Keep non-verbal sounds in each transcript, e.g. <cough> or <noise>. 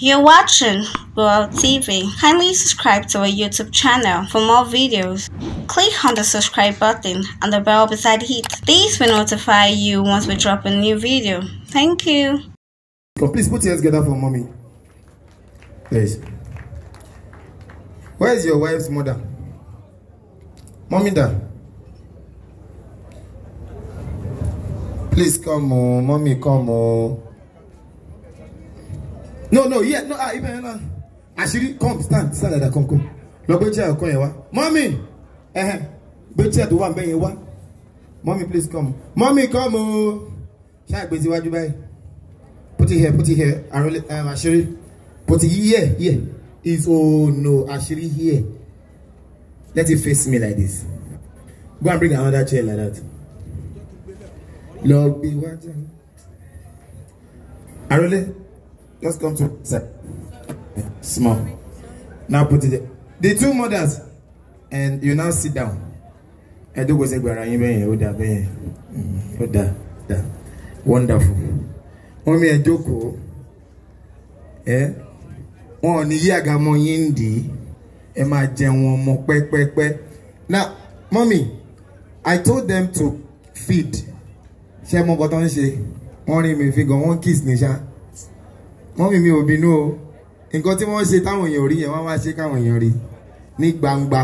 You're watching World TV. Kindly subscribe to our YouTube channel for more videos. Click on the subscribe button and the bell beside it. This will notify you once we drop a new video. Thank you. Oh, please put your hands together for mommy. Please. Where is your wife's mother? Mommy, da. Please come, oh, mommy, come, oh. no no yeah no ah ibẹ̀ yẹn náà àṣírí come stand stand dada come come lọ gbé chair ọkọ yẹn wá mọ́mì ẹ̀hẹ̀ gbé chair tó wà ń bẹ́ yẹn wá please come mọ́mì come o ṣáà gbé síwájú báyìí put it here put it here àròlé um, àṣírí put it here here is oh no àṣírí here let it face me like this go and bring another chair like that lọ gbé wájú àròlé. Just come to sir. Small. Now put it there. The two mothers, and you now sit down. I do go say yín bẹ́yẹn, ó dà bẹ́yẹn, mm, ó wonderful. Wọ́n mi ẹ jókòó, ẹ wọn ò yindi. yí àgàmọ́ yín ń dì í, ẹ Now, mommy, I told them to feed. She mo kọ́ she. ń ṣe? Wọ́n rí mi fi gan, wọ́n kiss ní ṣáá mọ́mí mi ò bínú o nǹkan tí wọ́n ṣe táwọn èèyàn rí yẹn wọ́n wá ṣe káwọn èèyàn rí ní gbangba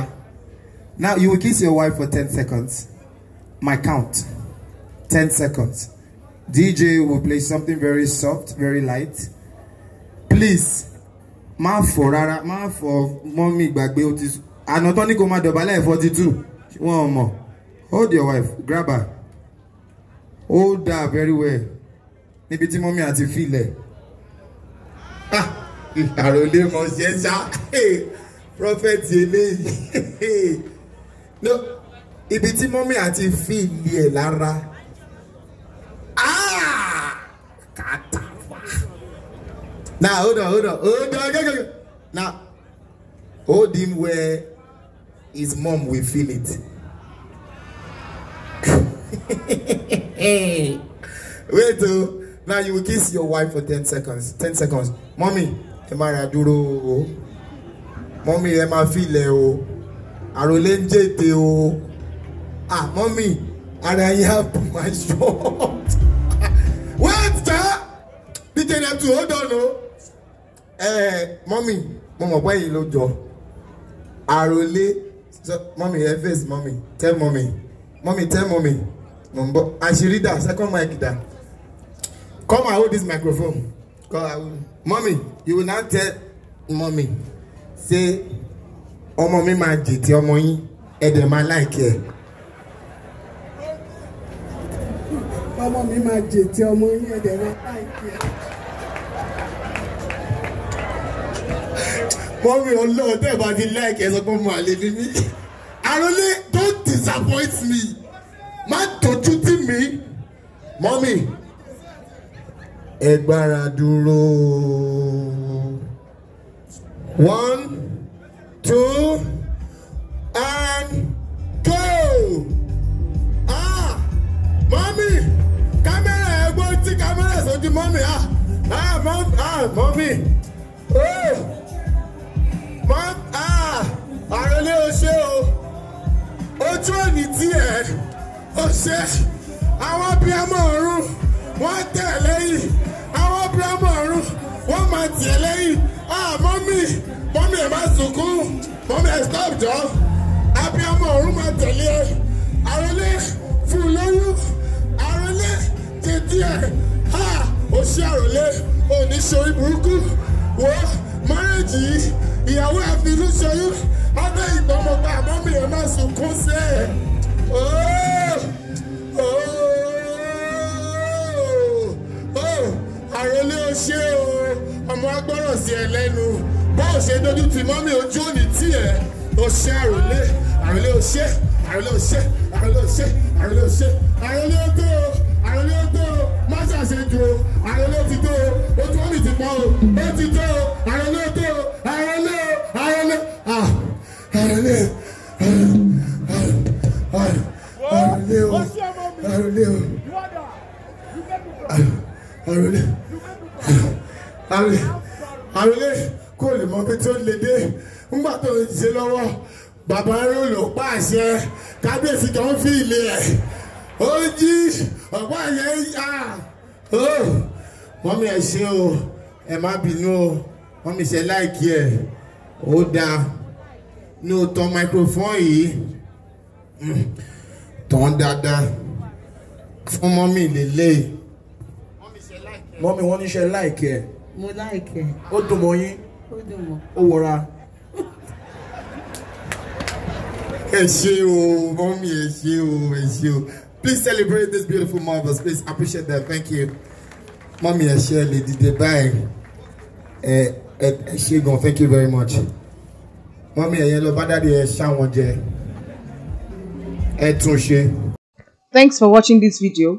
now you will kiss your wife for ten seconds my count ten seconds DJ will play something very soft very light please má fọ rárá má fọ mọ́mí gbàgbé o ti àná tó ní kó má dọ̀bálẹ̀ forty two wọn ò mọ̀ hold your wife grab her hold her very well níbi tí mọ́mí àti fílẹ̀ àròlé mọ ṣe ṣá prọfẹtì eléyìí no ibi tí mọ́mí àti fíìlì ẹ̀ lára ah! kàtà wá. now hold on hold on hold on go go now hold him where his mom will feel it. <laughs> wait o oh. now you will kiss your wife for ten seconds ten seconds mommy ẹ má ra dúró o mọ́mí ẹ máa filẹ̀ o àròlé ń jètè o ah mọ́mí ara yín á bù má ṣọ́ wait ta díje náà tù ó dọ̀nù ẹ mọ́mí mo mọ̀ pé yìí ló jọ àròlé mọ́mí ẹ fèsì mọ́mí tẹ́ mọ́mí mọ́mí tẹ́ mọ́mí mo ń bọ̀ àṣírí dà second mic dà come I hold this microphone come I hold mọ́mí you will now tell mommy say ọmọ mi máa jètè ọmọ yín ẹ dẹ̀ máa láìkẹ́ ẹ̀. ọmọ mi máa jètè ọmọ yín ẹ dẹ̀ máa láìkẹ́ ẹ̀. mọ́mí ọlọ́run tẹ́ ẹ̀ bá ti láìkẹ́ ẹ sọ pé mo àlè mímí. àròlé don't disappoint me má tójú tì mí mọ́mí ẹgbára dúró. one two and go. ah mọ́mí kámẹ́rà ẹgbẹ́ tí kámẹ́rà sójú mọ́mí ah ah mọ́mí ah mọ́mí oh mọ́ ah àròlé o ṣé o ojú òní tiẹ̀ o ṣé àwọn bíi ọmọ ọ̀run wọ́n tẹ̀ lẹ́yìn ábúrámù ọ̀run wọ́n máa tiẹ̀ lẹ́yìn ah mọ́mì ẹ̀ má sunkún mọ́mì ẹ̀ stop jọ ábúrámù máa tẹ̀lé ẹ̀ àròlé fún lóyún àròlé tètè ẹ̀ ah òṣì àròlé òní ṣorí burúkú wọ́ márẹ́jì ìyàwó ẹ̀ fi lú ọdún ìgbọ́mọgbà mọ́mì ẹ̀ má sunkún sí ẹ̀. tiẹ̀ lẹ́nu bó o ṣe dojú ti mọ́mí ojú òní tiẹ̀ o ṣe àròlé àròlé o ṣe àròlé o ṣe àròlé o ṣe àròlé o ṣe àròlé o tó o àròlé o tó o má ṣàṣe jù o àròlé o ti tó o ojú òní ti pọ̀ o ó ti tó o àròlé o tó o àròlé o àròlé o àròlé o àròlé o àròlé o àròlé o. Amen àwọn ilé kò lè mọ pé tí ó lè dé ńgbà tó ń ṣe lọ́wọ́ bàbá arúgbó ló pàṣẹ kábíyèsí tó ń fi ilé ẹ̀ ó jí ọ̀pá yẹn yá ó mọ́mí ẹ̀ ṣe o ẹ̀ má bínú o mọ́mí ṣe láìkí ẹ̀ ó dáa ní o tàn microphone yìí hmm, tàn dáadáa fún mọ́mí lélẹ́yìí mọ́mí wọ́n ní ṣe láìkí ẹ̀ mo láìkẹ́. ó dùn mọ́ yín. ó dùn mọ́. ó wọra. ẹ ṣé o mọ́mí ẹ ṣé o ẹ ṣé o please celebrate this beautiful marvelous please appreciate that thank you mọ́mí ẹ ṣé lè dìde báyìí ẹ ẹ ṣé gan thank you very much mọ́mí ẹ̀yẹ lọ bá dáadé ẹ ṣáwọn jẹ ẹ tún ṣe. Thanks for watching this video.